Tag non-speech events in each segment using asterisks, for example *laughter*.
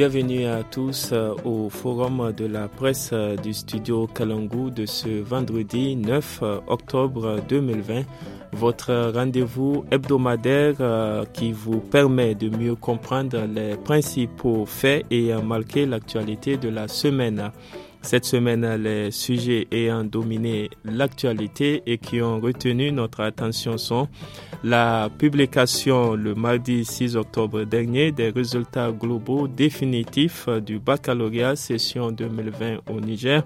Bienvenue à tous euh, au forum de la presse euh, du studio Kalangu de ce vendredi 9 euh, octobre 2020, votre rendez-vous hebdomadaire qui vous permet de mieux comprendre les principaux faits et marquer l'actualité de la semaine. Cette semaine, les sujets ayant dominé l'actualité et qui ont retenu notre attention sont la publication le mardi 6 octobre dernier des résultats globaux définitifs du baccalauréat session 2020 au Niger,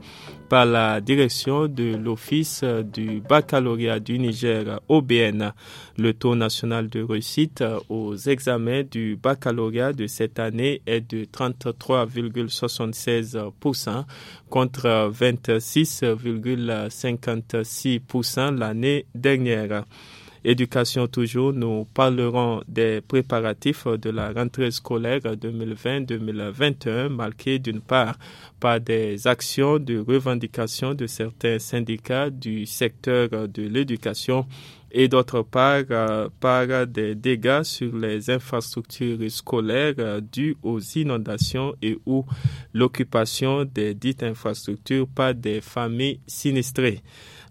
par la direction de l'Office du baccalauréat du Niger OBN. Le taux national de réussite aux examens du baccalauréat de cette année est de 33,76% contre 26,56% l'année dernière éducation toujours, nous parlerons des préparatifs de la rentrée scolaire 2020-2021, marqués d'une part par des actions de revendication de certains syndicats du secteur de l'éducation et d'autre part euh, par des dégâts sur les infrastructures scolaires euh, dues aux inondations et ou l'occupation des dites infrastructures par des familles sinistrées.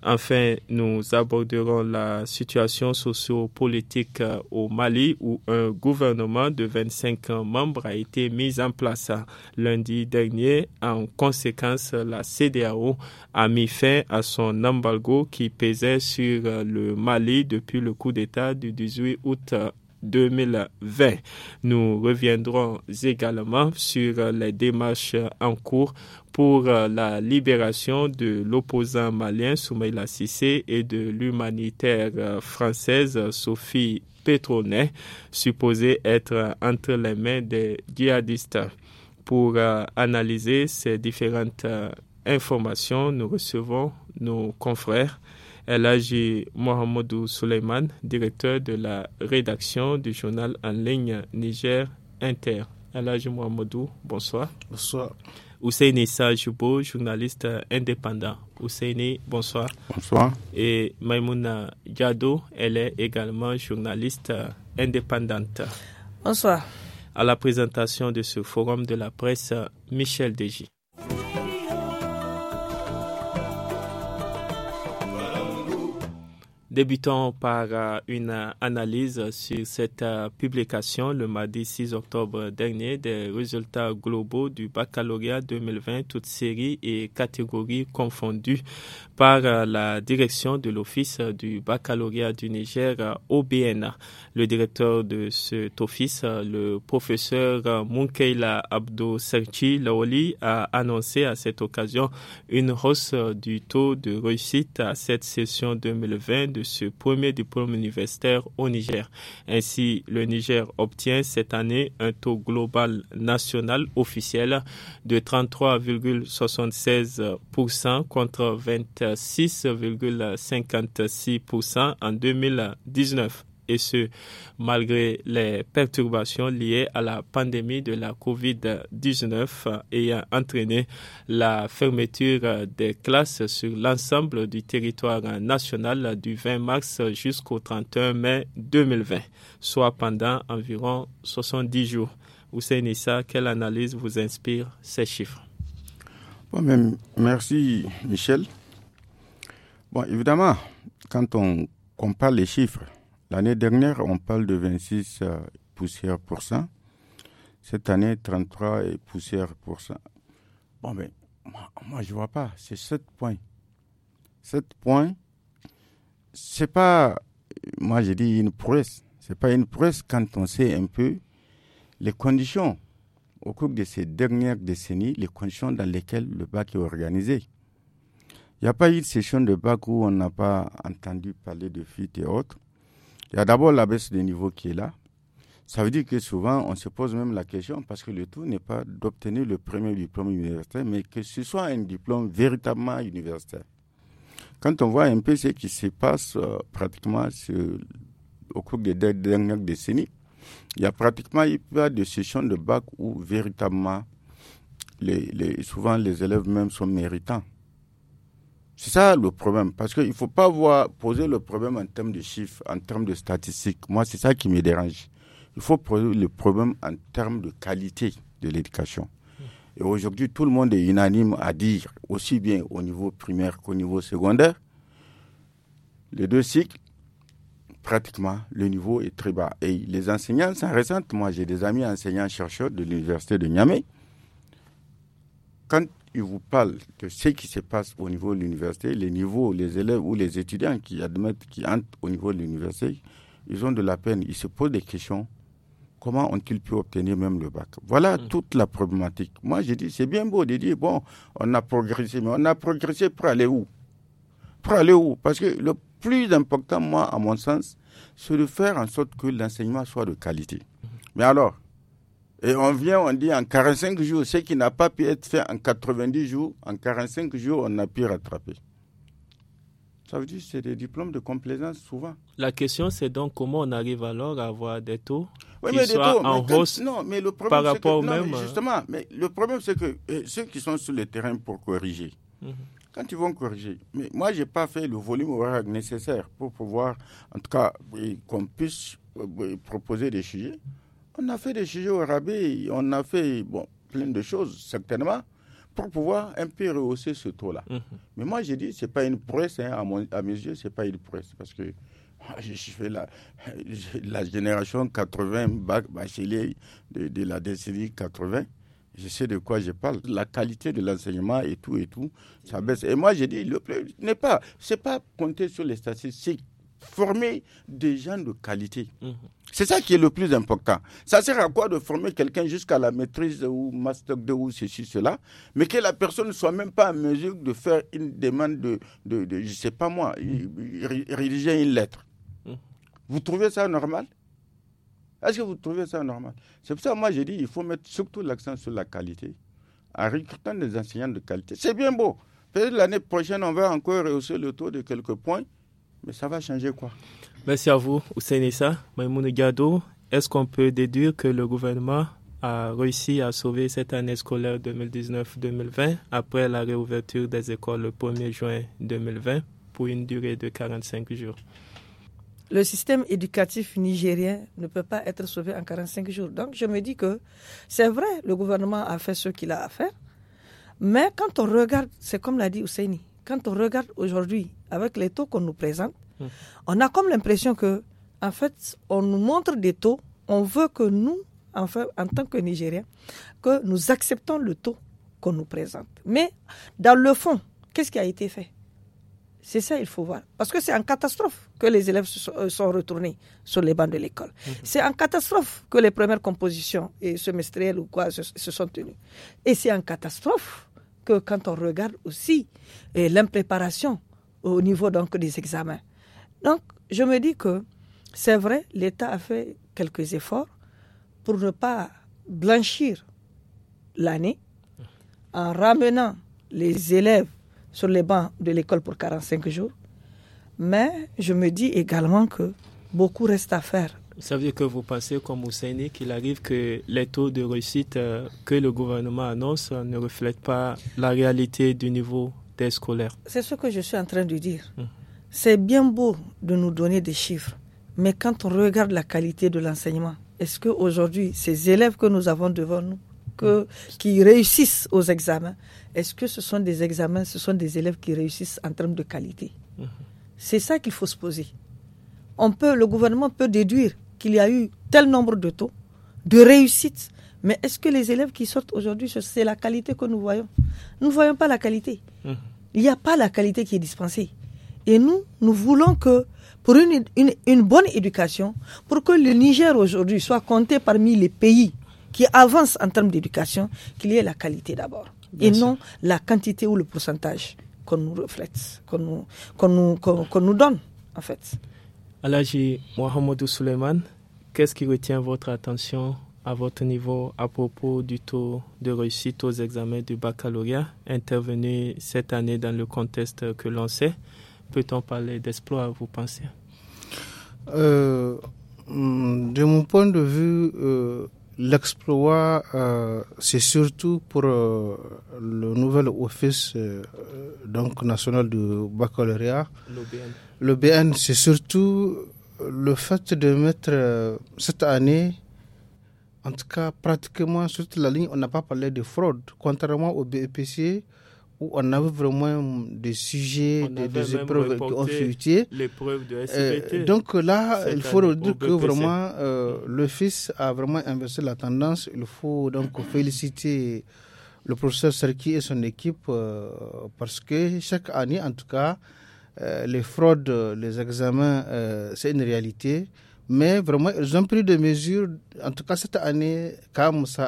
Enfin, nous aborderons la situation sociopolitique euh, au Mali où un gouvernement de 25 membres a été mis en place euh, lundi dernier. En conséquence, la CDAO a mis fin à son embargo qui pesait sur euh, le Mali depuis le coup d'État du 18 août 2020. Nous reviendrons également sur euh, les démarches en cours pour euh, la libération de l'opposant malien Soumaïla Sissé et de l'humanitaire euh, française Sophie Petronet, supposée être entre les mains des djihadistes. Pour analyser ces différentes informations, nous recevons nos confrères Elhaji Mohamedou Souleyman, directeur de la rédaction du journal en ligne Niger Inter. Elhaji Mohamedou, bonsoir. Bonsoir. Ousseini Sajoubo, journaliste indépendant. Ousseini, bonsoir. Bonsoir. Et Maimouna Diado, elle est également journaliste indépendante. Bonsoir. À la présentation de ce forum de la presse, Michel Deji. Débutons par euh, une euh, analyse sur cette euh, publication le mardi 6 octobre dernier des résultats globaux du baccalauréat 2020, toutes séries et catégories confondues par la direction de l'Office du baccalauréat du Niger, au OBN. Le directeur de cet office, le professeur Munkeila Abdo Serchi Laoli, a annoncé à cette occasion une hausse du taux de réussite à cette session 2020 de ce premier diplôme universitaire au Niger. Ainsi, le Niger obtient cette année un taux global national officiel de 33,76% contre 26,56% en 2019 et ce, malgré les perturbations liées à la pandémie de la COVID-19 ayant entraîné la fermeture des classes sur l'ensemble du territoire national du 20 mars jusqu'au 31 mai 2020, soit pendant environ 70 jours. Hussein Issa, quelle analyse vous inspire ces chiffres Merci Michel. Bon, évidemment, quand on compare les chiffres, L'année dernière, on parle de 26 euh, poussières pour cent. Cette année, 33 et poussières pour cent. Bon, mais moi, je ne vois pas. C'est 7 points. 7 points, ce n'est pas, moi j'ai dit une prouesse. C'est pas une prouesse quand on sait un peu les conditions au cours de ces dernières décennies, les conditions dans lesquelles le bac est organisé. Il n'y a pas eu de session de bac où on n'a pas entendu parler de fuite et autres. Il y a d'abord la baisse des niveaux qui est là. Ça veut dire que souvent, on se pose même la question, parce que le tout n'est pas d'obtenir le premier diplôme universitaire, mais que ce soit un diplôme véritablement universitaire. Quand on voit un peu ce qui se passe euh, pratiquement au cours des dernières décennies, il y a pratiquement pas de session sessions de bac où véritablement, les, souvent les élèves même sont méritants ça le problème, parce qu'il ne faut pas voir, poser le problème en termes de chiffres, en termes de statistiques. Moi, c'est ça qui me dérange. Il faut poser le problème en termes de qualité de l'éducation. Et aujourd'hui, tout le monde est unanime à dire, aussi bien au niveau primaire qu'au niveau secondaire, les deux cycles, pratiquement, le niveau est très bas. Et les enseignants s'en récente Moi, j'ai des amis enseignants-chercheurs de l'université de Niamey. Quand il vous parle de ce qui se passe au niveau de l'université, les niveaux, les élèves ou les étudiants qui admettent, qui entrent au niveau de l'université, ils ont de la peine, ils se posent des questions. Comment ont-ils pu obtenir même le bac Voilà mm. toute la problématique. Moi, j'ai dit, c'est bien beau de dire, bon, on a progressé, mais on a progressé pour aller où Pour aller où Parce que le plus important, moi, à mon sens, c'est de faire en sorte que l'enseignement soit de qualité. Mm. Mais alors, et on vient, on dit en 45 jours, ce qui n'a pas pu être fait en 90 jours, en 45 jours, on a pu rattraper. Ça veut dire que c'est des diplômes de complaisance souvent. La question, c'est donc comment on arrive alors à avoir des taux oui, qui mais soient en hausse non, mais le problème, par rapport au même... Euh, justement, mais le problème, c'est que euh, ceux qui sont sur le terrain pour corriger, mhm. quand ils vont corriger, mais moi, je n'ai pas fait le volume horaire nécessaire pour pouvoir, en tout cas, qu'on puisse euh, proposer des sujets. On a fait des sujets au rabais, on a fait bon, plein de choses, certainement, pour pouvoir un peu rehausser ce taux-là. Mhm. Mais moi, j'ai dit, ce n'est pas une presse, hein, à, mes yeux, ce n'est pas une presse. parce que ah, je fais la, la génération 80, bac, bachelier de, la décennie 80. Je sais de quoi je parle. La qualité de l'enseignement et tout et tout, ça baisse. Et moi, j'ai dit, le n'est pas, c'est pas compter sur les statistiques former des gens de qualité. Mhm. C'est ça qui est le plus important. Ça sert à quoi de former quelqu'un jusqu'à la maîtrise ou master de ou ceci, cela, mais que la personne ne soit même pas en mesure de faire une demande de, de, je ne sais pas moi, mhm. rédiger une lettre. Mhm. Vous trouvez ça normal Est-ce que vous trouvez ça normal C'est pour ça que moi j'ai dit il faut mettre surtout l'accent sur la qualité en recrutant des enseignants de qualité. C'est bien beau. peut l'année prochaine, on va encore rehausser le taux de quelques points. Mais ça va changer quoi Merci à vous, Ousseinissa, Maïmoune Gado. Est-ce qu'on peut déduire que le gouvernement a réussi à sauver cette année scolaire 2019-2020 après la réouverture des écoles le 1er juin 2020 pour une durée de 45 jours le système éducatif nigérien ne peut pas être sauvé en 45 jours. Donc je me dis que c'est vrai, le gouvernement a fait ce qu'il a à faire. Mais quand on regarde, c'est comme l'a dit Ousseini, quand on regarde aujourd'hui, avec les taux qu'on nous présente, hmm. on a comme l'impression que, en fait, on nous montre des taux, on veut que nous, enfin, en tant que Nigériens, que nous acceptons le taux qu'on nous présente. Mais dans le fond, qu'est-ce qui a été fait c'est ça, il faut voir. Parce que c'est en catastrophe que les élèves euh, sont retournés sur les bancs de l'école. Hmm. C'est en catastrophe que les premières compositions et semestrielles ou quoi se, se sont tenues. Et c'est en catastrophe que quand on regarde aussi eh, l'impréparation au niveau donc des examens. Donc, je me dis que c'est vrai, l'État a fait quelques efforts pour ne pas blanchir l'année en ramenant les élèves sur les bancs de l'école pour 45 jours. Mais je me dis également que beaucoup reste à faire ça veut que vous pensez, comme Ousseini, qu'il arrive que les taux de réussite euh, que le gouvernement annonce euh, ne reflètent pas la réalité du niveau des scolaires. C'est ce que je suis en train de dire. Hum. C'est bien beau de nous donner des chiffres, mais quand on regarde la qualité de l'enseignement, est-ce qu'aujourd'hui, ces élèves que nous avons devant nous, hum. qui réussissent aux examens, est-ce que ce sont des examens, ce sont des élèves qui réussissent en termes de qualité hum. C'est ça qu'il faut se poser. On peut, le gouvernement peut déduire qu'il y a eu tel nombre de taux de réussite. Mais est-ce que les élèves qui sortent aujourd'hui, c'est la qualité que nous voyons Nous ne voyons pas la qualité. Hum. Il n'y a pas la qualité qui est dispensée. Et nous, nous voulons que, pour une, bonne éducation, pour que le Niger aujourd'hui soit compté parmi les pays qui avancent en termes d'éducation, qu'il y ait la qualité d'abord. Et non la quantité ou le pourcentage qu'on nous reflète, qu'on nous, donne, en fait. Alaji Mohamedou Suleiman, qu'est-ce qui retient votre attention à votre niveau à propos du taux de réussite aux examens du baccalauréat intervenu cette année dans le contexte que l'on sait Peut-on parler d'exploit? vous pensez euh, De mon point de vue, euh, l'exploit, euh, c'est surtout pour le nouvel office donc national du baccalauréat. Le BN, c'est surtout le fait de mettre euh, cette année, en tout cas pratiquement sur toute la ligne, on n'a pas parlé de fraude, contrairement au BEPC où on avait vraiment des sujets, des, épreuves qui ont L'épreuve euh, donc là, il faut dire que e vraiment, euh, le fils a vraiment inversé la tendance. Il faut donc *coughs* féliciter le professeur Serki et son équipe parce que chaque année, en tout cas, euh, les fraudes, euh, les examens, euh, c'est une réalité. Mais vraiment, ils ont pris des mesures. En tout cas, cette année, comme ça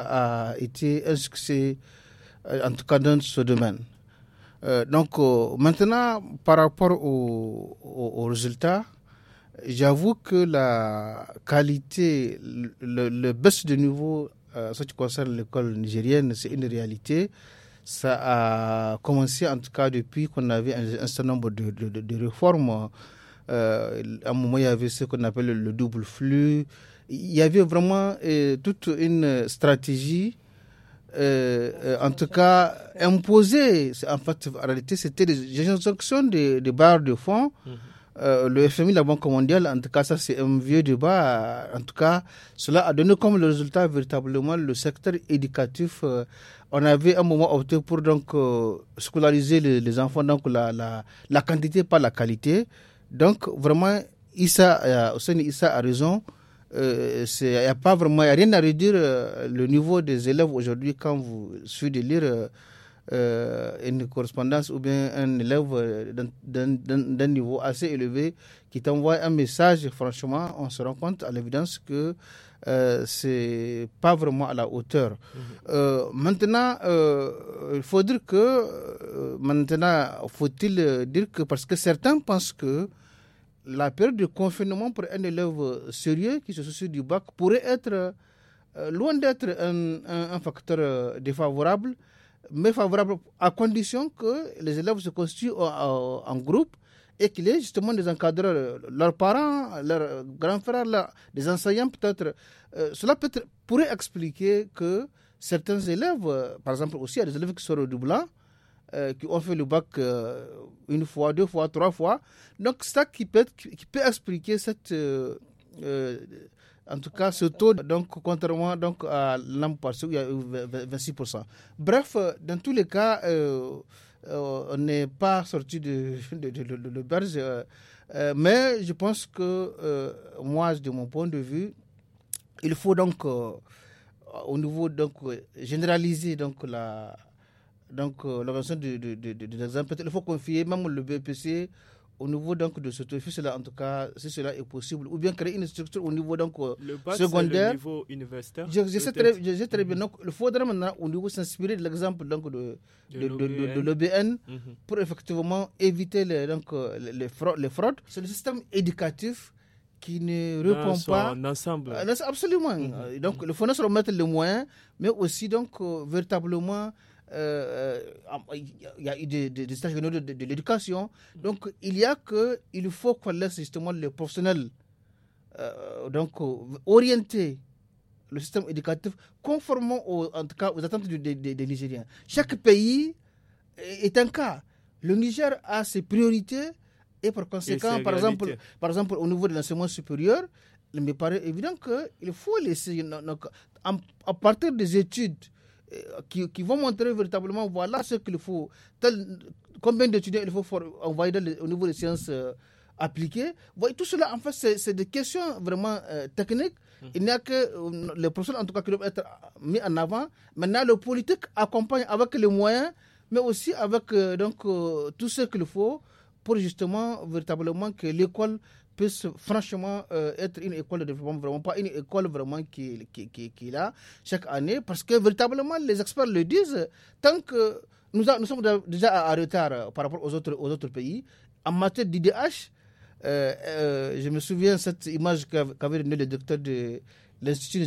a été un succès, en tout cas dans ce domaine. donc, maintenant, par rapport aux au, résultats, j'avoue que la qualité, le, le baisse de niveau en ce qui concerne l'école nigérienne, c'est une réalité ça a commencé en tout cas depuis qu'on avait un, certain nombre de, réformes. Euh, à un moment, il y avait ce qu'on appelle le double flux. Il y avait vraiment euh, toute une stratégie, euh, en tout cas imposée. En fait, en réalité, c'était des injonctions des, barres de fonds. Mm-hmm. Euh, le FMI, la Banque mondiale, en tout cas, ça c'est un vieux débat. En tout cas, cela a donné comme le résultat véritablement le secteur éducatif. Euh, on avait un moment opté pour donc euh, scolariser les, enfants, donc la, la, la, quantité pas la qualité. Donc vraiment, Issa, Issa a raison. Il n'y a pas vraiment y a rien à réduire le niveau des élèves aujourd'hui quand vous suivez de lire euh, une correspondance ou bien un élève euh, d'un niveau assez élevé qui t'envoie un message, franchement, on se rend compte à l'évidence que euh, c'est pas vraiment à la hauteur. Mhm. Euh, maintenant, il faut dire que maintenant, faut-il dire que parce que certains pensent que la période de confinement pour un élève sérieux qui se soucie du bac pourrait être loin d'être un, facteur défavorable mais favorable à condition que les élèves se constituent en groupe et qu'il y ait justement des encadreurs, leurs parents, leurs grands frères, des enseignants peut-être. Euh, cela peut pourrait expliquer que certains élèves, par exemple aussi, il y a des élèves qui sont redoublants, euh, qui ont fait le bac euh, une fois, deux fois, trois fois. Donc, ça qui peut, qui peut expliquer cette en tout cas, ce taux, donc, contrairement donc, à l'an passé, il y a 26%. Bref, dans tous les cas, euh, euh, on n'est pas sorti de, *laughs* de, euh, mais je pense que, moi, de mon point de vue, il faut donc, au niveau, donc, généraliser donc, la, donc, l'organisation de, de, il faut confier même le BPC au niveau donc de ce office-là, en tout cas, si cela est possible, ou bien créer une structure au niveau donc euh, le secondaire. Le niveau universitaire. Je, sais, très, bien. il faudra maintenant au niveau s'inspirer de l'exemple donc de, de, l'OBN mhm. pour effectivement éviter les, donc, euh, les, fraudes. C'est le système éducatif qui ne répond pas. En ensemble. Euh, absolument. Mhm. Donc, il faut mettre les moyens, mais aussi donc véritablement euh, euh, il y a eu des, stages de, de, l'éducation. Donc, il y a que, il faut qu'on laisse justement les professionnels euh, donc, orienter le système éducatif conformément aux, en tout cas, aux attentes des, Nigériens. Chaque pays est un cas. Le Niger a ses priorités et par conséquent, par, exemple, par exemple, au niveau de l'enseignement supérieur, il me paraît évident qu'il faut laisser, à partir des études euh, qui, vont montrer véritablement voilà ce qu'il faut, tel, combien d'étudiants il faut envoyer au niveau des sciences euh, appliquées. Voyez, tout cela, en fait, c'est des questions vraiment euh, techniques. Hmm. Il n'y a que les professeurs, en tout cas, qui doivent être mis en avant. Maintenant, le politique accompagne avec les moyens, mais aussi avec donc, tout ce qu'il faut pour justement, véritablement, que l'école puisse franchement euh, être une école de développement, vraiment pas une école vraiment qui, qui, qui, qui est là chaque année, parce que véritablement, les experts le disent, tant que nous, nous sommes déjà en retard euh, par rapport aux autres, aux autres pays, en matière d'IDH, euh, je me souviens cette image qu'avait donnée le docteur de l'Institut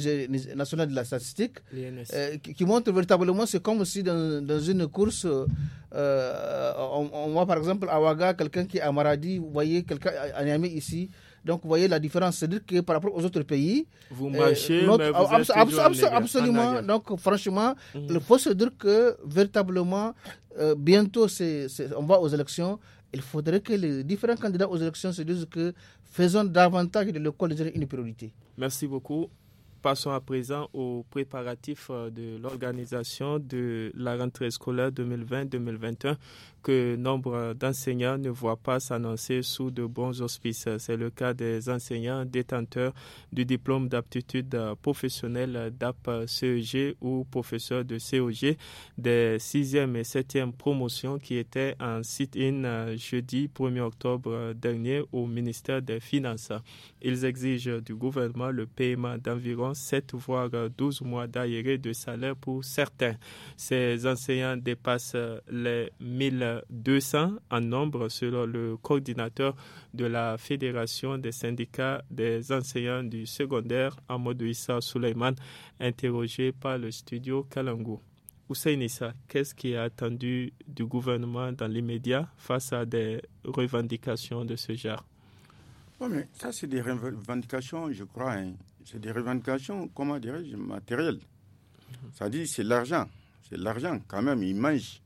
national de la statistique, euh, qui, montre véritablement, c'est comme si dans, une course, euh, on, voit par exemple à Ouaga quelqu'un qui est à Maradi, vous voyez quelqu'un à Niamey ici. Donc, vous voyez la différence, c'est-à-dire que par rapport aux autres pays, vous euh, marchez, absolument. Donc, franchement, il mhm. faut se dire que véritablement, bientôt, c'est on va aux élections il faudrait que les différents candidats aux élections se disent que faisons davantage de l'école une priorité. Merci beaucoup. Passons à présent aux préparatifs euh, de l'organisation de la rentrée scolaire 2020-2021 que nombre d'enseignants ne voient pas s'annoncer sous de bons auspices. C'est le cas des enseignants détenteurs du diplôme d'aptitude professionnelle d'AP-CEG ou professeur de CEG des 6e et 7 promotions qui étaient en sit-in euh, jeudi 1er octobre dernier au ministère des Finances. Ils exigent du gouvernement le paiement d'environ 7 voire 12 mois d'arriérés de salaire pour certains. Ces enseignants dépassent les 1000 200 en nombre selon le coordinateur de la Fédération des syndicats des enseignants du secondaire, Amadou Issa Souleyman, interrogé par le studio Kalangou. Hussein Issa, qu'est-ce qui est attendu du gouvernement dans l'immédiat face à des revendications de ce genre oui, ça, c'est des revendications, je crois. Hein. C'est des revendications, comment dirais-je, matérielles. Mhm. Ça dit, c'est l'argent. C'est l'argent, quand même, ils mangent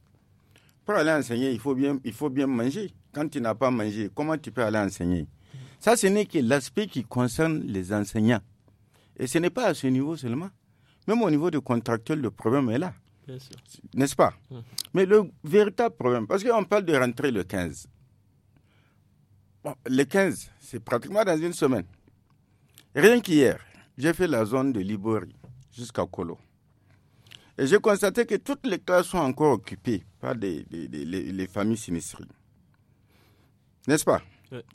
pour aller enseigner, il faut bien, il faut bien manger. Quand tu n'as pas mangé, comment tu peux aller enseigner Ça, ce n'est que l'aspect qui concerne les enseignants. Et ce n'est pas à ce niveau seulement. Même au niveau du contractuel, le problème est là. N'est-ce pas hum. Mais le véritable problème, parce qu'on parle de rentrer le 15. le 15, c'est pratiquement dans une semaine. Rien qu'hier, j'ai fait la zone de Libori jusqu'à Colo. Et j'ai constaté que toutes les classes sont encore occupées par des, les, familles sinistrées. N'est-ce pas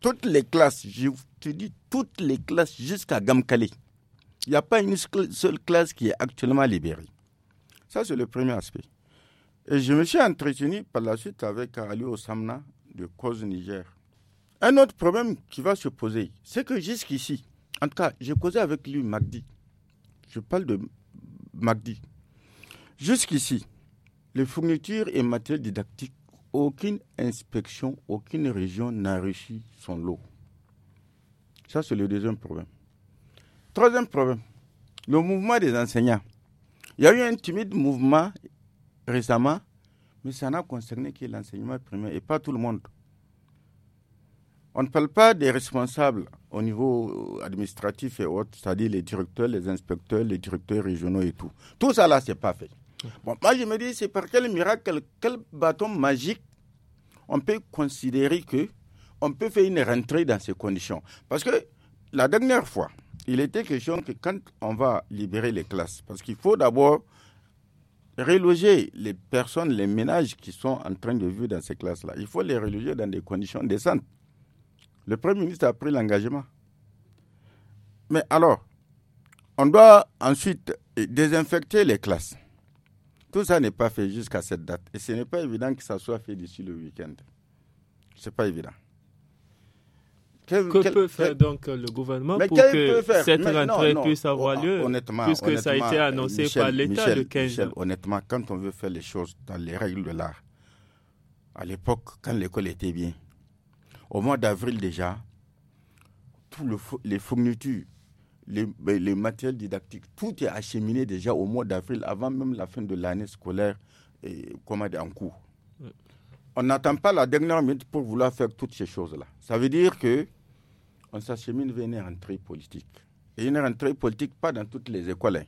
Toutes les classes, je te dis, toutes les classes jusqu'à Gamkali. Il n'y a pas une seule classe qui est actuellement libérée. Ça, c'est le premier aspect. Et je me suis entretenu par la suite avec Ali Osamna de Cause Niger. Un autre problème qui va se poser, c'est que jusqu'ici, en tout cas, j'ai causé avec lui Magdi. Je parle de Magdi, Jusqu'ici, les fournitures et matières didactiques, aucune inspection, aucune région n'a réussi son lot. Ça, c'est le deuxième problème. Troisième problème, le mouvement des enseignants. Il y a eu un timide mouvement récemment, mais ça n'a concerné que l'enseignement primaire et pas tout le monde. On ne parle pas des responsables au niveau administratif et autres, c'est-à-dire les directeurs, les inspecteurs, les directeurs régionaux et tout. Tout ça là, c'est pas fait. Bon, moi je me dis, c'est par quel miracle, quel bâton magique on peut considérer que on peut faire une rentrée dans ces conditions. Parce que la dernière fois, il était question que quand on va libérer les classes, parce qu'il faut d'abord reloger les personnes, les ménages qui sont en train de vivre dans ces classes-là. Il faut les reloger dans des conditions décentes. Le Premier ministre a pris l'engagement. Mais alors, on doit ensuite désinfecter les classes. Tout ça n'est pas fait jusqu'à cette date. Et ce n'est pas évident que ça soit fait d'ici le week-end. Ce n'est pas évident. que peut faire donc le gouvernement pour que cette rentrée puisse avoir ah, lieu honnêtement, Puisque ça a été annoncé par l'État le 15 honnêtement, quand on veut faire les choses dans les règles de l'art, à l'époque, quand l'école était bien, au mois d'avril déjà, tous les fournitures ben, les, matériels didactiques, tout est acheminé déjà au mois d'avril, avant même la fin de l'année scolaire et, en cours. On n'attend pas la dernière minute pour vouloir faire toutes ces choses-là. Ça veut dire que on s'achemine vers une rentrée politique. Et une rentrée politique, pas dans toutes les écoles. Hein.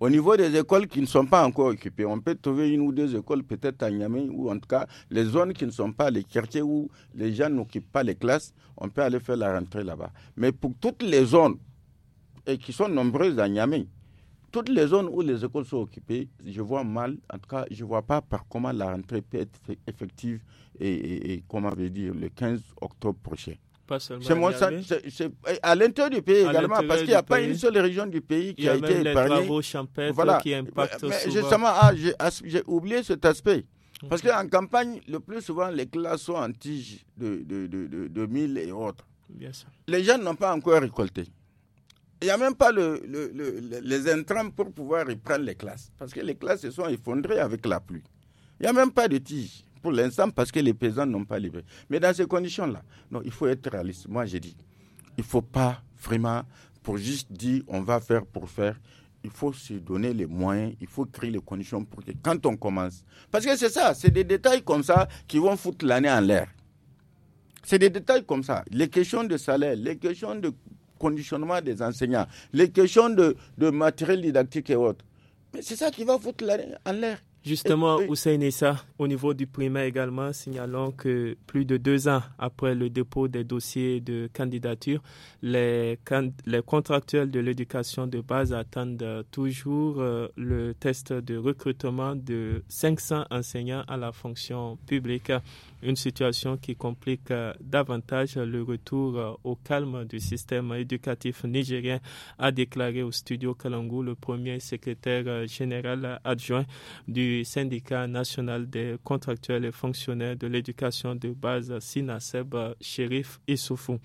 Au niveau des écoles qui ne sont pas encore occupées, on peut trouver une ou deux écoles, peut-être à Niamey, ou en tout cas les zones qui ne sont pas les quartiers où les gens n'occupent pas les classes, on peut aller faire la rentrée là-bas. Mais pour toutes les zones et qui sont nombreuses à Niamey, toutes les zones où les écoles sont occupées, je vois mal, en tout cas, je ne vois pas par comment la rentrée peut être effective et, comment dire, le 15 octobre prochain. Pas seulement à, à l'intérieur du pays également, parce qu'il n'y a pas une seule région du pays qui Il y a, été voilà. qui impactent Mais justement, ah, ah, j'ai oublié cet aspect. parce Parce qu'en campagne, le plus souvent, les classes sont en tige de, de, de, de, mille et autres. Les jeunes n'ont pas encore récolté. Il n'y a même pas le, les intrants pour pouvoir reprendre les classes. Parce que les classes se sont effondrées avec la pluie. Il n'y a même pas de tiges pour l'instant parce que les paysans n'ont pas livré. Mais dans ces conditions-là, non, il faut être réaliste. Moi, j'ai dit, il ne faut pas vraiment, pour juste dire on va faire pour faire, il faut se donner les moyens, il faut créer les conditions pour que quand on commence. Parce que c'est ça, c'est des détails comme ça qui vont foutre l'année en l'air. C'est des détails comme ça. Les questions de salaire, les questions de conditionnement des enseignants, les questions de, matériel didactique et autres. Mais c'est ça qui va foutre en l'air. Justement, Hussein au niveau du primaire également, signalons que plus de deux ans après le dépôt des dossiers de candidature, les, contractuels de l'éducation de base attendent toujours euh, le test de recrutement de 500 enseignants à la fonction publique une situation qui complique euh, davantage le retour euh, au calme du système éducatif nigérien, a déclaré au studio Kalangu le premier secrétaire euh, général adjoint du syndicat national des contractuels et fonctionnaires de l'éducation de base Sinaseb Sherif Issoufou.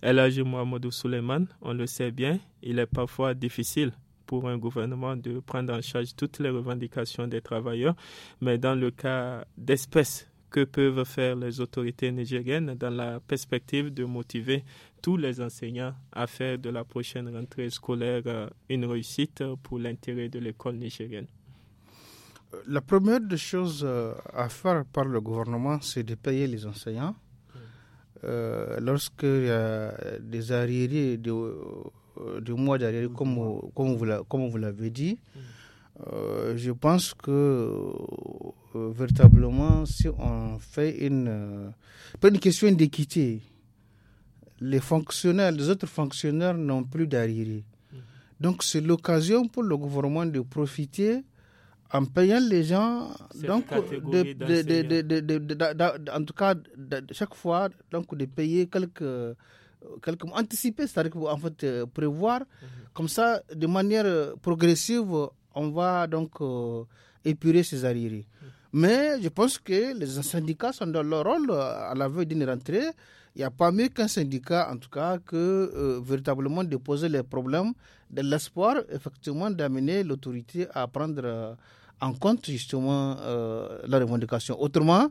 Elhaj Mohamedou Suleiman, on le sait bien, il est parfois difficile pour un gouvernement de prendre en charge toutes les revendications des travailleurs, mais dans le cas d'espèce, que peuvent faire les autorités nigériennes dans la perspective de motiver tous les enseignants à faire de la prochaine rentrée scolaire euh, une réussite pour l'intérêt de l'école nigérienne euh, La première des choses euh, à faire par le gouvernement, c'est de payer les enseignants. Mm. Euh, lorsqu'il y a des arriérés de, mois d'arriérés, comme, vous l'avez dit, mm. Euh, je pense que euh, véritablement, si on fait une. Euh, pas une question d'équité. Les fonctionnaires, les autres fonctionnaires n'ont plus d'arriérés. Mhm. Donc c'est l'occasion pour le gouvernement de profiter en payant les gens, donc, de, de, de, en tout cas, chaque fois, donc, de payer quelques, quelques anticiper, c'est-à-dire en fait, prévoir, mhm. comme ça, de manière progressive, on va donc euh, épurer ces arriérés. Mais je pense que les syndicats sont dans leur rôle euh, à la veille d'une rentrée. Il n'y a pas mieux qu'un syndicat, en tout cas, que euh, véritablement déposer les problèmes de l'espoir, effectivement, d'amener l'autorité à prendre en compte justement la revendication. Autrement,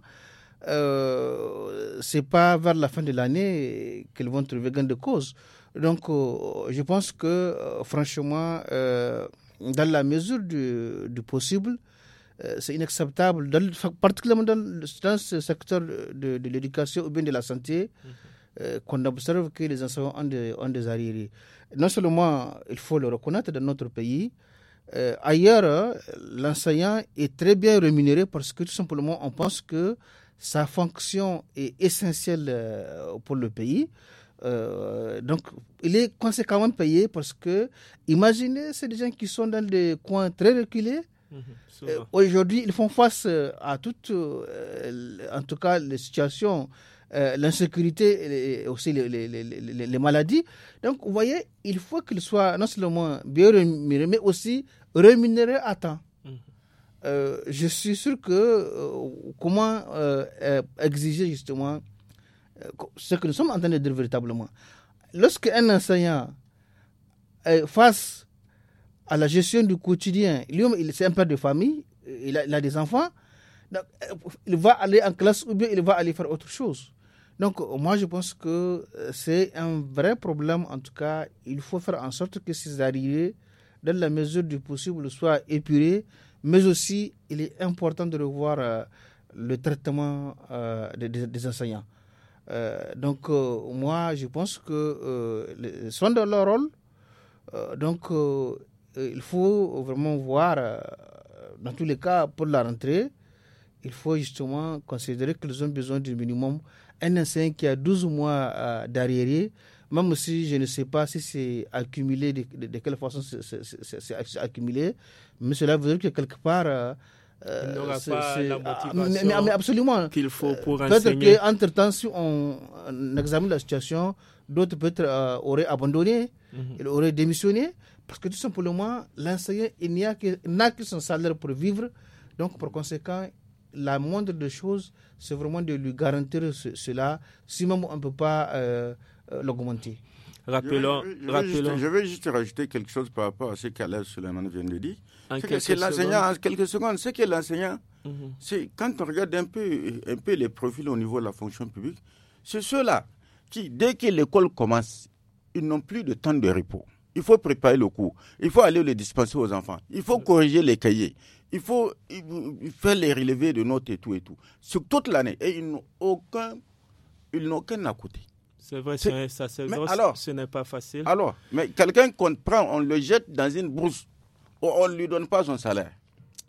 euh, c'est pas vers la fin de l'année qu'ils vont trouver gain de cause. Donc, je pense que, franchement, dans la mesure du, possible, euh, c'est inacceptable, particulièrement dans, ce secteur de, l'éducation ou bien de la santé, euh, qu'on observe que les enseignants ont des, arriérés. Non seulement il faut le reconnaître dans notre pays, euh, ailleurs, l'enseignant est très bien rémunéré parce que tout simplement on pense que sa fonction est essentielle pour le pays. Euh, donc, il est conséquemment payé parce que, imaginez, c'est des gens qui sont dans des coins très reculés. Mhm, euh, aujourd'hui, ils font face euh, à toutes, en tout cas, les situations, l'insécurité et aussi les, maladies. Donc, vous voyez, il faut qu'ils soient non seulement bien rémunérés, mais aussi rémunérés à temps. Mhm. je suis sûr que comment exiger justement ce que nous sommes en train de dire véritablement. Lorsque un enseignant euh, face à la gestion du quotidien, lui, c'est un père de famille, euh, il a, des enfants, euh, il va aller en classe ou bien il va aller faire autre chose. Donc, moi, je pense que c'est un vrai problème. En tout cas, il faut faire en sorte que ces arrivées, dans la mesure du possible, soient épurées. Mais aussi, il est important de revoir le traitement des, enseignants. Euh, donc euh, moi, je pense que euh, le, sont dans leur rôle. donc il faut vraiment voir, dans tous les cas, pour la rentrée, il faut justement considérer que qu'ils ont besoin du minimum un enseignant qui a 12 mois d'arriéré, même si je ne sais pas si c'est accumulé, de, quelle façon c'est accumulé, mais cela veut dire que quelque part, euh, la ah, mais, absolument. qu'il faut euh, pour enseigner. Peut-être qu'entre-temps, si on, examine la situation, d'autres peut-être euh, auraient abandonné, mhm. auraient démissionné, parce que tout simplement, l'enseignant, il n'y a que, n'a que son salaire pour vivre. Donc, par conséquent, la moindre des choses, c'est vraiment de lui garantir cela, si même on ne peut pas l'augmenter. Je, vais, juste, rajouter quelque chose par rapport à ce qu'Alain Suleiman vient de dire. C'est en quelques secondes, ce que l'enseignant, mhm. c'est quand on regarde un peu, un peu les profils au niveau de la fonction publique, c'est ceux-là qui, dès que l'école commence, ils n'ont plus de temps de repos. Il faut préparer le cours, il faut aller le dispenser aux enfants, il faut corriger les cahiers, il faut faire les relevés de notes et tout et tout. Sur toute l'année, et ils n'ont aucun, ils n'ont aucun à côté. C'est vrai, c'est, ça, c'est vrai, alors, ce n'est pas facile. Alors, mais quelqu'un qu'on prend, on le jette dans une brousse, on ne lui donne pas son salaire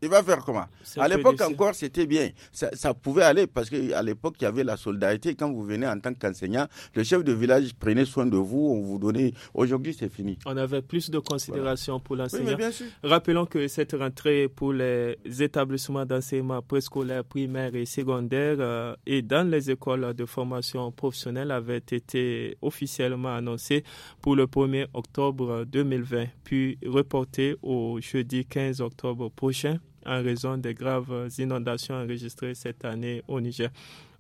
il va faire comment À l'époque encore, c'était bien. Ça, pouvait aller parce qu'à l'époque, il y avait la solidarité. Quand vous venez en tant qu'enseignant, le chef de village prenait soin de vous, on vous donnait. Aujourd'hui, c'est fini. On avait plus de considération pour l'enseignant. Rappelons que cette rentrée pour les établissements d'enseignement préscolaire, primaire et secondaire euh, et dans les écoles de formation professionnelle avait été officiellement annoncée pour le 1er octobre 2020, puis reportée au jeudi 15 octobre prochain en raison des graves inondations enregistrées cette année au Niger.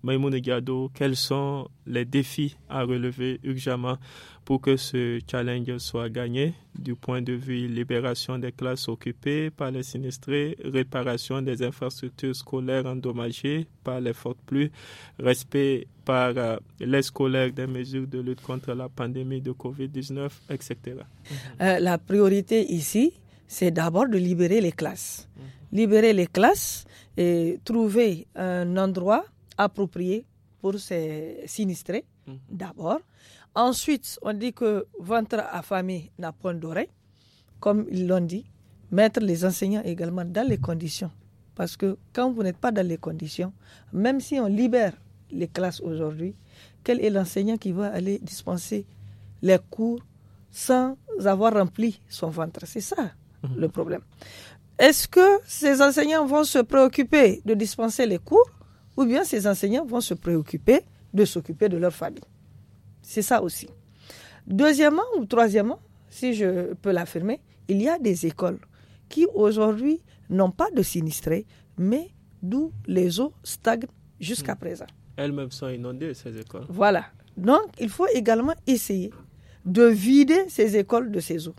Maïmoun Gado, quels sont les défis à relever urgemment pour que ce challenge soit gagné du point de vue libération des classes occupées par les sinistrés, réparation des infrastructures scolaires endommagées par les fortes pluies, respect par euh, les scolaires des mesures de lutte contre la pandémie de COVID-19, etc. Euh, la priorité ici, c'est d'abord de libérer les classes. Mmh libérer les classes et trouver un endroit approprié pour ces sinistrés, mhm. d'abord. Ensuite, on dit que ventre affamé n'a point d'oreille, comme ils l'ont dit. Mettre les enseignants également dans les conditions. Parce que quand vous n'êtes pas dans les conditions, même si on libère les classes aujourd'hui, quel est l'enseignant qui va aller dispenser les cours sans avoir rempli son ventre C'est ça mhm. le problème. Est-ce que ces enseignants vont se préoccuper de dispenser les cours ou bien ces enseignants vont se préoccuper de s'occuper de leur famille C'est ça aussi. Deuxièmement ou troisièmement, si je peux l'affirmer, il y a des écoles qui aujourd'hui n'ont pas de sinistrés, mais d'où les eaux stagnent jusqu'à hmm. présent. Elles-mêmes sont inondées, ces écoles. Voilà. Donc, il faut également essayer de vider ces écoles de ces eaux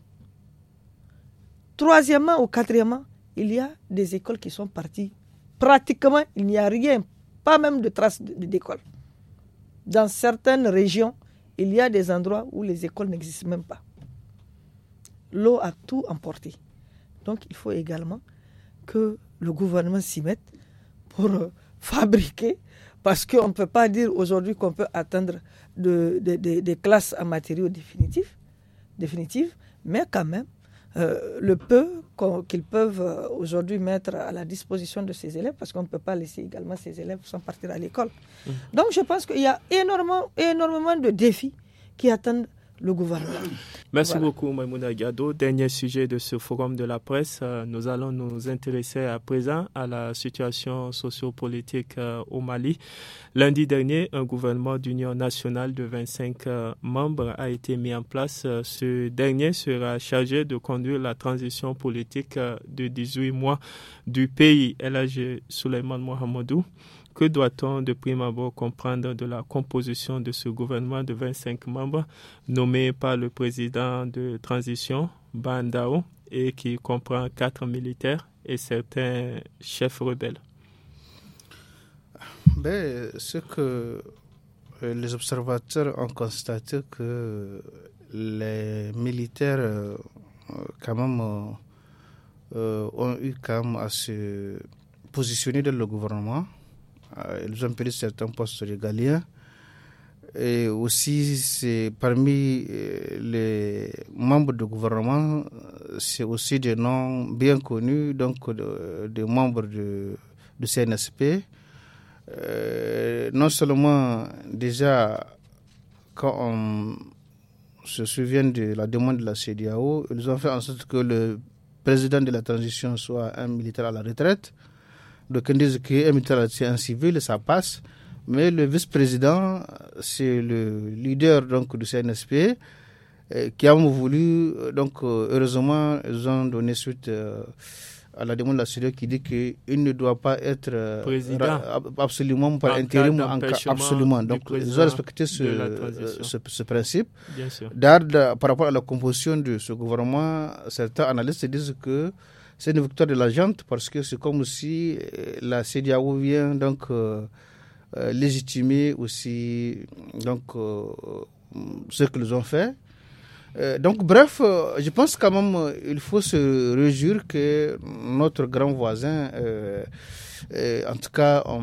troisièmement ou quatrièmement, il y a des écoles qui sont parties. Pratiquement, il n'y a rien, pas même de traces d'école. Dans certaines régions, il y a des endroits où les écoles n'existent même pas. L'eau a tout emporté. Donc il faut également que le gouvernement s'y mette pour euh, *laughs* fabriquer, parce qu'on ne peut pas dire aujourd'hui qu'on peut atteindre des de, classes en matériaux définitifs, définitifs, mais quand même, euh, le peu qu'ils peuvent euh, aujourd'hui mettre à la disposition de ces élèves, parce qu'on ne peut pas laisser également ces élèves sans partir à l'école. Mmh. Donc je pense qu'il y a énormément, énormément de défis qui attendent le gouvernement. Merci beaucoup, Maïmouna Gado. Dernier sujet de ce forum de la presse. Euh, nous allons nous intéresser à présent à la situation sociopolitique euh, au Mali. Lundi dernier, un gouvernement d'union nationale de 25 euh, membres a été mis en place. Ce dernier sera chargé de conduire la transition politique de 18 mois du pays. LH Souleymane Mohamedou. Que doit-on de prime abord comprendre de la composition de ce gouvernement de 25 membres nommé par le président de transition, Bandao, et qui comprend quatre militaires et certains chefs rebelles ben, Ce que euh, les observateurs ont constaté que les militaires, euh, quand même, euh, ont eu quand même à se positionner dans le gouvernement euh, ils ont pris certains postes régaliens. Et aussi, c'est parmi euh, les membres du gouvernement, c'est aussi des noms bien connus, donc des membres du, CNSP. Euh, non seulement déjà, quand on se souvient de la demande de la CDAO, ils ont fait en sorte que le président de la transition soit un militaire à la retraite. Donc, on dit que c'est un civil, ça passe. Mais le vice-président, c'est le leader donc, du CNSP euh, qui a voulu, euh, donc euh, heureusement, ils ont donné suite à la demande de la CEDEAO qui dit qu'il ne doit pas être président absolument par intérim, absolument. Donc ils ont respecté ce, ce, principe. D'ailleurs, par rapport à la composition de ce gouvernement, certains analystes disent que c'est une victoire de la gente parce que c'est comme si euh, la CDAO vient donc euh, euh, légitimer aussi donc ce ce qu'ils ont fait. donc bref, je pense quand même il faut se réjouir que notre grand voisin, en tout cas, on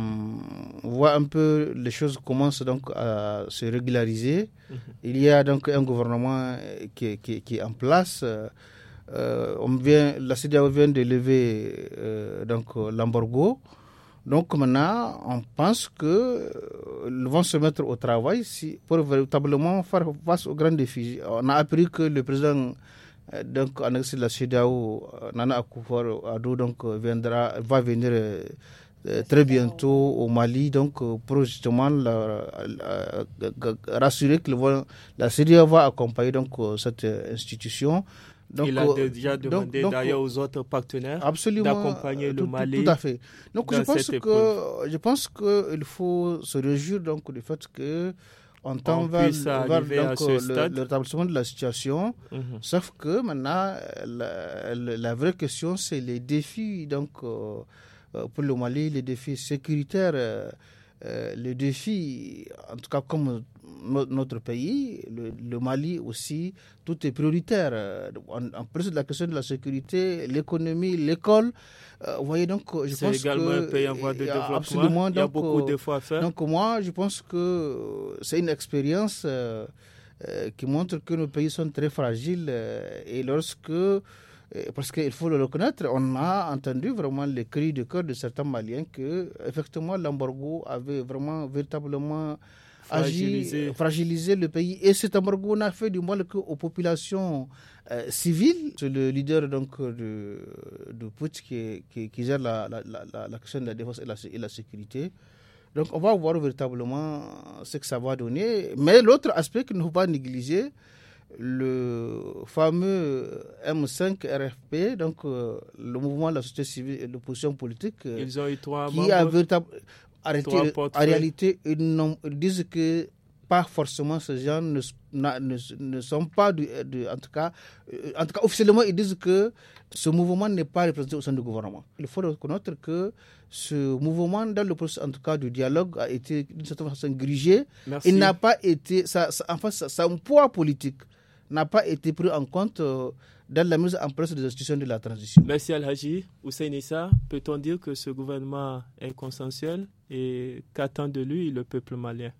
voit un peu les choses commencent donc à se régulariser. Mm-hmm. Il y a donc un gouvernement qui, qui est en place. Euh, on vient, la CDAO vient de lever euh, donc l'embargo. Donc maintenant, on pense que euh, vont se mettre au travail si, pour véritablement faire face aux grands défis. On a appris que le président donc de la CDAO, Nana Akufo-Addo, donc viendra, va venir très bientôt au Mali, donc pour justement rassurer que la CEDEAO va accompagner donc cette institution donc, il a déjà demandé d'ailleurs aux autres partenaires d'accompagner le Mali. Tout à fait. Donc je pense que je pense que il faut se réjouir donc du fait que on va vers, euh, vers le, rétablissement de la situation. Mhm. Sauf que maintenant la, vraie question c'est les défis donc euh, euh, pour le Mali, les défis sécuritaires, les défis en tout cas comme notre pays, le, Mali aussi, tout est prioritaire. En, plus de la question de la sécurité, l'économie, l'école, euh, vous voyez donc, je pense également que, un pays en voie de développement. il y a beaucoup euh, d'efforts à faire. Donc moi, je pense que euh, c'est une expérience qui montre que nos pays sont très fragiles et lorsque parce qu'il faut le reconnaître, on a entendu vraiment les cris de cœur de certains Maliens que, effectivement, l'embargo avait vraiment, véritablement fragiliser. le pays. Et cet embargo n'a fait du mal qu'aux populations euh, civiles. C'est le leader donc, de, de qui, qui, gère la, la, la, question de la défense et la, sécurité. Donc on va voir véritablement ce que ça va donner. Mais l'autre aspect qu'il ne faut pas négliger, le fameux M5 RFP, donc euh, le mouvement de la société civile et l'opposition politique, euh, Ils ont qui a véritable en réalité, ils, disent que pas forcément ces gens ne, ne, sont pas, de en, tout cas, euh, en tout cas, officiellement, ils disent que ce mouvement n'est pas représenté au sein du gouvernement. Il faut reconnaître que ce mouvement, dans le processus, en tout cas, du dialogue, a été d'une certaine façon grigé. Il n'a pas été, ça, enfin, ça, son poids politique n'a pas été pris en compte. Euh, dans la mise en place des institutions de la transition. Merci Al-Haji. Ousseinissa, peut-on dire que ce gouvernement est consensuel et qu'attend de lui le peuple malien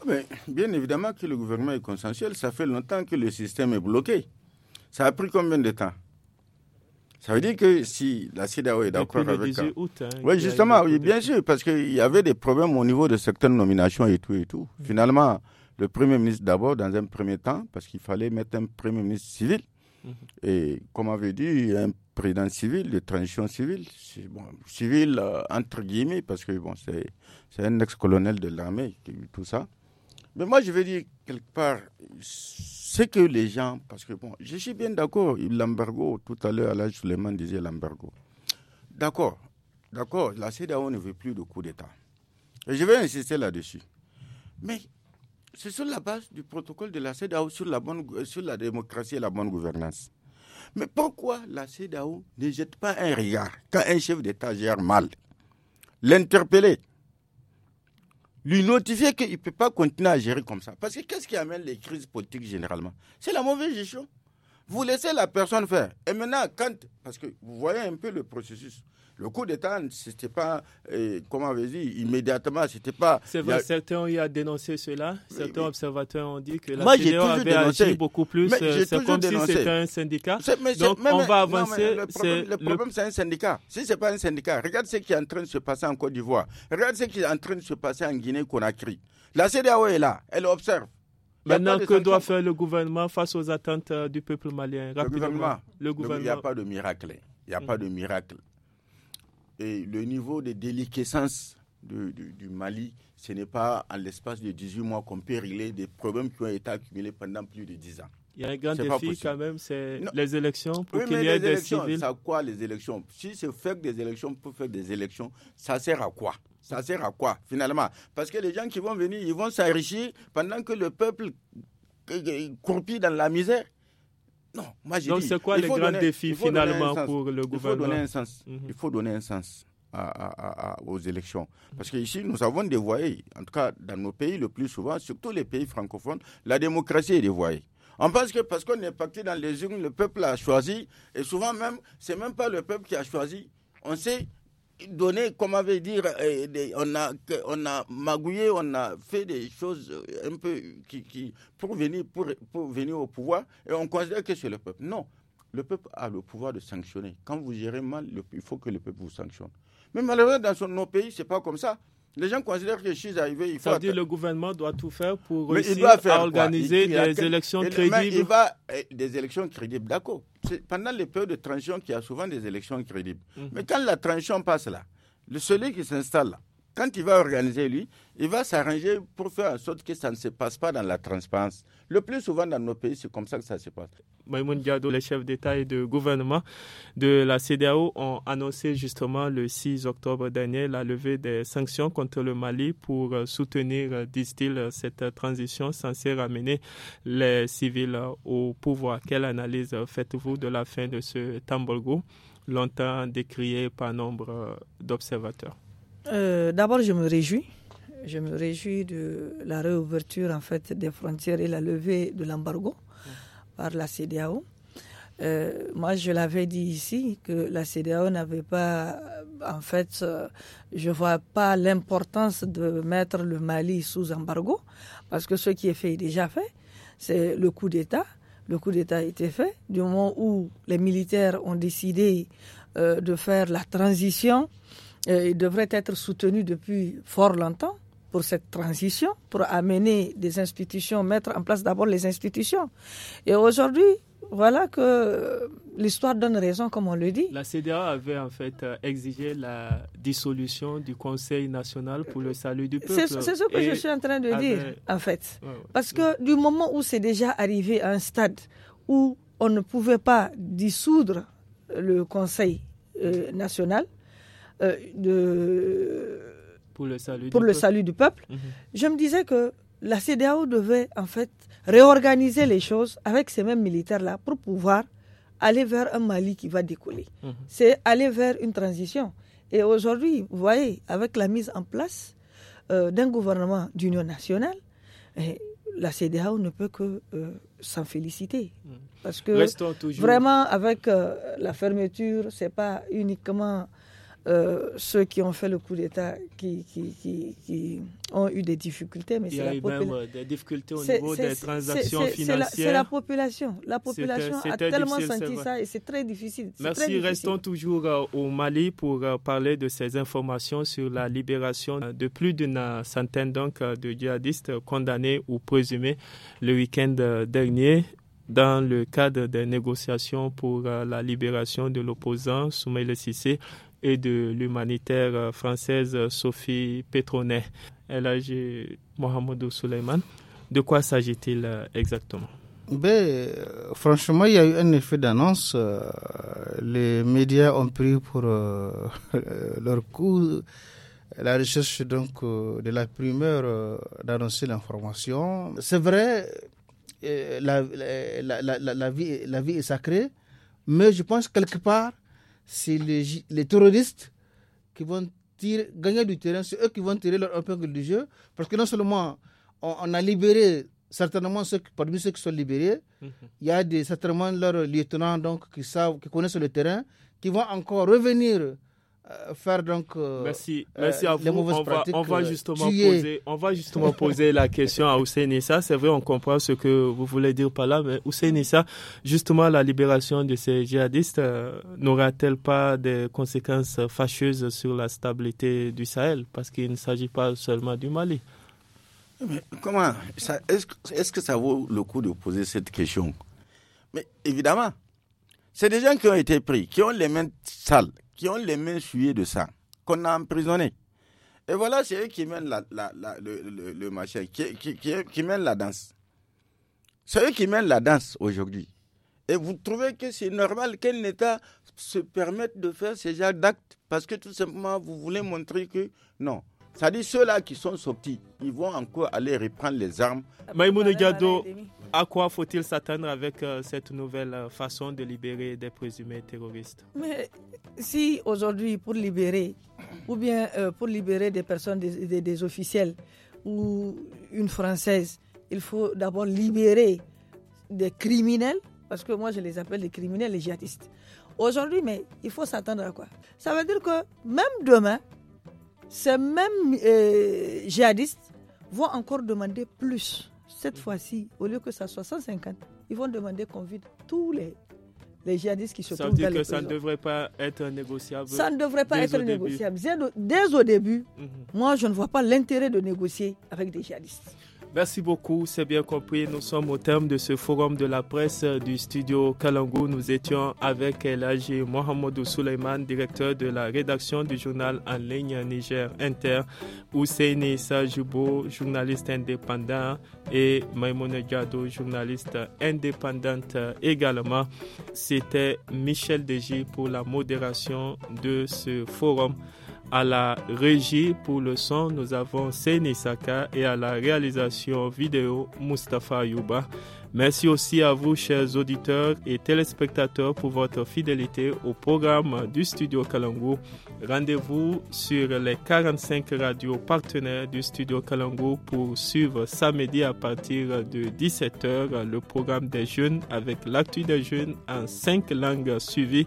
ah ben, Bien évidemment que le gouvernement est consensuel. Ça fait longtemps que le système est bloqué. Ça a pris combien de temps ça veut dire que si la CEDAO est d'accord avec. Hein, le oui, justement, oui, bien sûr, parce qu'il y avait des problèmes au niveau de certaines nominations et tout et tout. Finalement, le Premier ministre d'abord, dans un premier temps, parce qu'il fallait mettre un Premier ministre civil. Mhm. Et comme avait dit un président civil, de transition civile, civil euh, entre guillemets, parce que bon, c'est un ex-colonel de l'armée qui tout ça. Mais moi, je veux dire, quelque part, c'est que les gens, parce que bon, je suis bien d'accord, l'embargo, tout à l'heure, à Alain Suleiman disait l'embargo. D'accord, d'accord, la CdaO ne veut plus de coup d'État. Et je vais insister là-dessus. Mais c'est sur la base du protocole de la CEDAO sur la, bonne, sur la démocratie et la bonne gouvernance. Mais pourquoi la CEDAO ne jette pas un regard quand un chef d'État gère mal L'interpeller, lui notifier qu'il ne peut pas continuer à gérer comme ça. Parce que qu'est-ce qui amène les crises politiques généralement C'est la mauvaise gestion. Vous laissez la personne faire. Et maintenant, quand. Parce que vous voyez un peu le processus. Le coup d'État, c'était pas, euh, comment avez-y dit, immédiatement, c'était pas. C'est vrai, certains ont dénoncé cela. Certains observateurs ont dit que la Moi, a avait dénoncé. beaucoup plus. Euh, c'est comme si c'était un syndicat. Donc, on va avancer. le problème, c'est un syndicat. Si c'est pas un syndicat, regarde ce qui est en train de se passer en Côte d'Ivoire. Regarde ce qui est en train de se passer en Guinée-Conakry. La CDAO est là, elle observe. Maintenant, que doit faire le gouvernement face aux attentes euh, du peuple malien Le gouvernement. Il n'y a pas de miracle. Il n'y a mm. pas de miracle le niveau de déliquescence du, Mali, ce n'est pas en l'espace de 18 mois qu'on peut régler des problèmes qui ont été accumulés pendant plus de 10 ans. Il y a un grand défi quand même, c'est les élections pour qu'il y ait des civils. Ça quoi les élections Si c'est faire des élections pour faire des élections, ça sert à quoi Ça sert à quoi finalement Parce que les gens qui vont venir, ils vont s'enrichir pendant que le peuple euh, euh, croupit dans la misère. Non, moi j'ai Donc c'est quoi le grand défi finalement pour le gouvernement mhm. Il faut donner un sens. Il faut donner un sens. aux élections. Parce qu'ici, nous avons des en tout cas dans nos pays le plus souvent, surtout les pays francophones, la démocratie est dévoyée. On pense que parce qu'on est parti dans les urnes, le peuple a choisi, et souvent même, c'est même pas le peuple qui a choisi. On sait donné, comme avait dit, euh, on a, on a magouillé, on a fait des choses euh, un peu qui, pour, venir, pour, pour venir au pouvoir, et on considère que c'est le peuple. Non, le peuple a le pouvoir de sanctionner. Quand vous gérez mal, il faut que le peuple vous sanctionne. Mais malheureusement, dans nos pays, ce n'est pas comme ça. Les gens considèrent que je suis arrivé. Il faut Ça dire le gouvernement doit tout faire pour réussir à organiser des, élections crédibles. Il va... Eh, des élections crédibles, d'accord. pendant les périodes de transition qu'il y a souvent des élections crédibles. Mhm. Mais quand la transition passe là, le soleil qui s'installe là, quand il va organiser, lui, il va s'arranger pour faire en sorte que ça ne se passe pas dans la transparence. Le plus souvent dans nos pays, c'est comme ça que ça se passe. Maïmoun Diado, les chefs d'État et de gouvernement de la CDAO ont annoncé justement le 6 octobre dernier la levée des sanctions contre le Mali pour soutenir, disent-ils, cette transition censée ramener les civils au pouvoir. Quelle analyse faites-vous de la fin de ce tambourgo longtemps décrié par nombre d'observateurs euh, d'abord, je me réjouis. Je me réjouis de la réouverture en fait des frontières et la levée de l'embargo par la CDAO. Euh, moi, je l'avais dit ici que la CDAO n'avait pas, en fait, je euh, je vois pas l'importance de mettre le Mali sous embargo parce que ce qui est fait est déjà fait. C'est le coup d'État. Le coup d'État a été fait du moment où les militaires ont décidé de faire la transition euh, il devrait être soutenu depuis fort longtemps pour cette transition, pour amener des institutions, mettre en place d'abord les institutions. Et aujourd'hui, voilà que l'histoire donne raison, comme on le dit. La CDA avait en fait euh, exigé la dissolution du Conseil national pour le salut du peuple. C'est ce que je suis en train de dire, en fait. Parce que du moment où c'est déjà arrivé à un stade où on ne pouvait pas dissoudre le Conseil euh, national, euh, de, pour le salut, pour du, le peuple. salut du peuple, mhm. je me disais que la CDAO devait en fait réorganiser les choses avec ces mêmes militaires-là pour pouvoir aller vers un Mali qui va décoller. Mhm. C'est aller vers une transition. Et aujourd'hui, vous voyez, avec la mise en place euh, d'un gouvernement d'union nationale, eh, la CDAO ne peut que euh, s'en féliciter. Mhm. Parce que vraiment, avec la fermeture, ce n'est pas uniquement euh, ceux qui ont fait le coup d'État qui, qui, ont eu des difficultés. Mais Il y a eu euh, des difficultés au niveau des transactions financières. C'est la, population. La population a tellement senti ça et c'est très difficile. Merci. Restons toujours euh, au Mali pour parler de ces informations sur la libération de plus d'une centaine donc, de djihadistes condamnés ou présumés le week-end dernier dans le cadre des négociations pour la libération de l'opposant Soumaïla Sissé et de l'humanitaire euh, française euh, Sophie Petronet. Elle a Mohamedou Suleiman. De quoi s'agit-il euh, exactement ben, franchement, il y a eu un effet d'annonce. Les médias ont pris pour *laughs* leur coup la recherche donc de la primeur d'annoncer l'information. C'est vrai, la, la, vie, la, vie, est sacrée, mais je pense quelque part, c'est les, les, terroristes qui vont tirer, gagner du terrain, c'est eux qui vont tirer leur épingle du jeu, parce que non seulement on, a libéré certainement ceux parmi ceux qui sont libérés, mhm. il y a des, certainement leurs lieutenants donc, qui savent, qui connaissent le terrain, qui vont encore revenir euh, faire donc euh, merci euh, merci à On va, justement poser on va justement poser la question à Hussein Nissa. c'est vrai on comprend ce que vous voulez dire par là mais Hussein Nissa, justement la libération de ces djihadistes n'aura-t-elle pas des conséquences fâcheuses sur la stabilité du Sahel parce qu'il ne s'agit pas seulement du Mali comment est-ce que ça vaut le coup de poser cette question mais évidemment c'est des gens qui ont été pris, qui ont les mains sales, qui ont les mains suées de ça, qu'on a emprisonné. Et voilà, c'est eux qui mènent la, le, le, machin, qui, mènent la danse. C'est eux qui mènent la danse aujourd'hui. Et vous trouvez que c'est normal qu'un État se permette de faire ces genre d'actes parce que tout simplement, vous voulez montrer que non. C'est-à-dire ceux-là qui sont sortis, ils vont encore aller reprendre les armes. Maïmoune Gado, à quoi faut-il s'attendre avec euh, cette nouvelle euh, façon de libérer des présumés terroristes Mais si aujourd'hui, pour libérer, ou bien euh, pour libérer des personnes, des, officiels, ou une Française, il faut d'abord libérer des criminels, parce que moi je les appelle des criminels, les djihadistes. Aujourd'hui, mais il faut s'attendre à quoi Ça veut dire que même demain, ces mêmes jihadistes vont encore demander plus cette fois-ci, au lieu que ça soit 150, ils vont demander qu'on vide tous les, les djihadistes qui se ça veut dire que ça ne devrait pas être négociable. Ça ne devrait pas être négociable. Dès, au début, mhm. moi, je ne vois pas l'intérêt de négocier avec des djihadistes. Merci beaucoup, c'est bien compris. Nous sommes au terme de ce forum de la presse du studio Kalangou. Nous étions avec l'AG Mohamedou Souleyman, directeur de la rédaction du journal en ligne Niger Inter, Ousseini Sajoubo, journaliste indépendant, et Maimone Gado, journaliste indépendante également. C'était Michel Deji pour la modération de ce forum. À la régie pour le son, nous avons Seni Saka et à la réalisation vidéo Mustafa Yuba. Merci aussi à vous, chers auditeurs et téléspectateurs, pour votre fidélité au programme du Studio Kalango. Rendez-vous sur les 45 radios partenaires du Studio Kalango pour suivre samedi à partir de 17h le programme des jeunes avec l'actu des jeunes en cinq langues suivies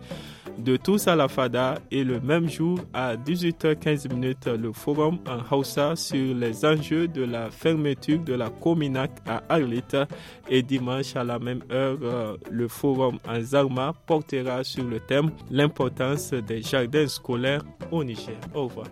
de tous à la FADA et le même jour à 18h15 le forum en Hausa sur les enjeux de la fermeture de la Cominac à Arlita et dimanche à la même heure, euh, le forum en Zarma portera sur le thème l'importance des jardins scolaires au Niger. Au revoir.